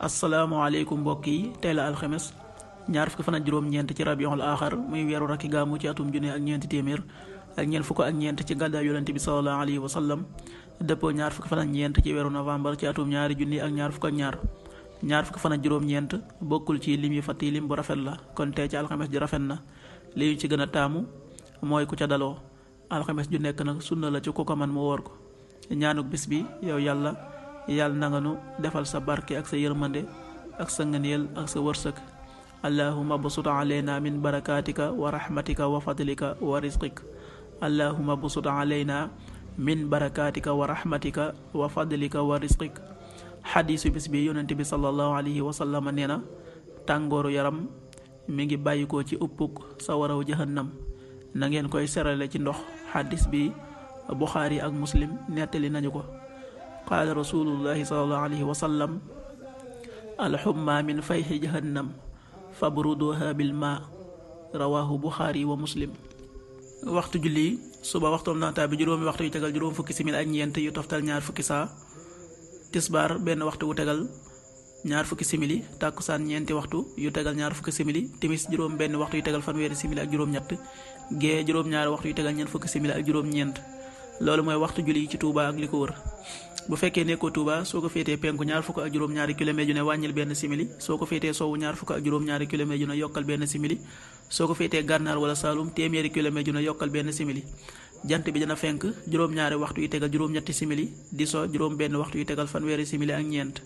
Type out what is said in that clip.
asalaamaaleykum mbokk yi tey la alxemes ñaar fukki fan ak juróom-ñeent ci rabiul axar muy weeru rakki gàmmu ci atum junne ak ñeenti téeméer ak ñeent fukk ak ñeent ci gàddaay yonent bi sallallahu alayhi wa sallam dëppoo ñaar fukki fan ñeent ci weeru novembre ci atum ñaari junni ak ñaar fukk ñaar ñaar fukki fan ak juróom-ñeent bokkul ci lim yi fàtti lim bu rafet la kon tey ci alxemes ji rafet na li ñu ci gën a taamu mooy ku ca daloo alxemes ju nekk nag sunna la ci ku ko man mu woor ko bis bi yow yàlla yàlla na nga nu defal sa barke ak sa yërmande ak sa ngëneel ak sa wërsëg allahuma busut alayna min wa rahmatika wa min barakatika wa rahmatika wa fadlika wa risqik xadiisu bis bi yonent bi sallallahu alayhi wa sallam nee na tàngooru yaram mi ngi bàyyikoo ci uppuk sawaraw jahannam na ngeen koy serale ci ndox xadis bi buxaari ak muslim nettali nañu ko qaala rasulullahi salallahu alayhi wa sallam alxumma min fayxi jahannam fabruduha bilma rawahu buxaari wa muslim waxtu julli suba waxtoom naata bi juróomi waxtu yu tegal juróom fukki simil ak ñeent yu toftal ñaar fukki saa tisbaar benn waxtu wu tegal ñaar fukki simili tàkkusaan ñeenti waxtu yu tegal ñaar fukki simili timis juróom benn waxtu yu tegal fanweeri simili ak juróom-ñett ñaari waxtu yu tegal ñeent fukki simili ak juróom-ñeent loolu mooy waxtu julli ci Tuuba ak li ko wër bu fekkee nekkoo Touba soo ko féetee penku ñaar fukk ak juróom-ñaari kilomètres yu ne wàññil benn simili soo ko féetee sowwu ñaar fukk ak juróom-ñaari kilomètres yu ne yokkal benn simili soo ko féetee gànnaar wala Saalum téeméeri kilomètres yu ne yokkal benn simili jant bi dina fenk juróom-ñaari waxtu yu tegal juróom-ñetti simili di so juróom benn waxtu yu tegal fanweeri simili ak ñeent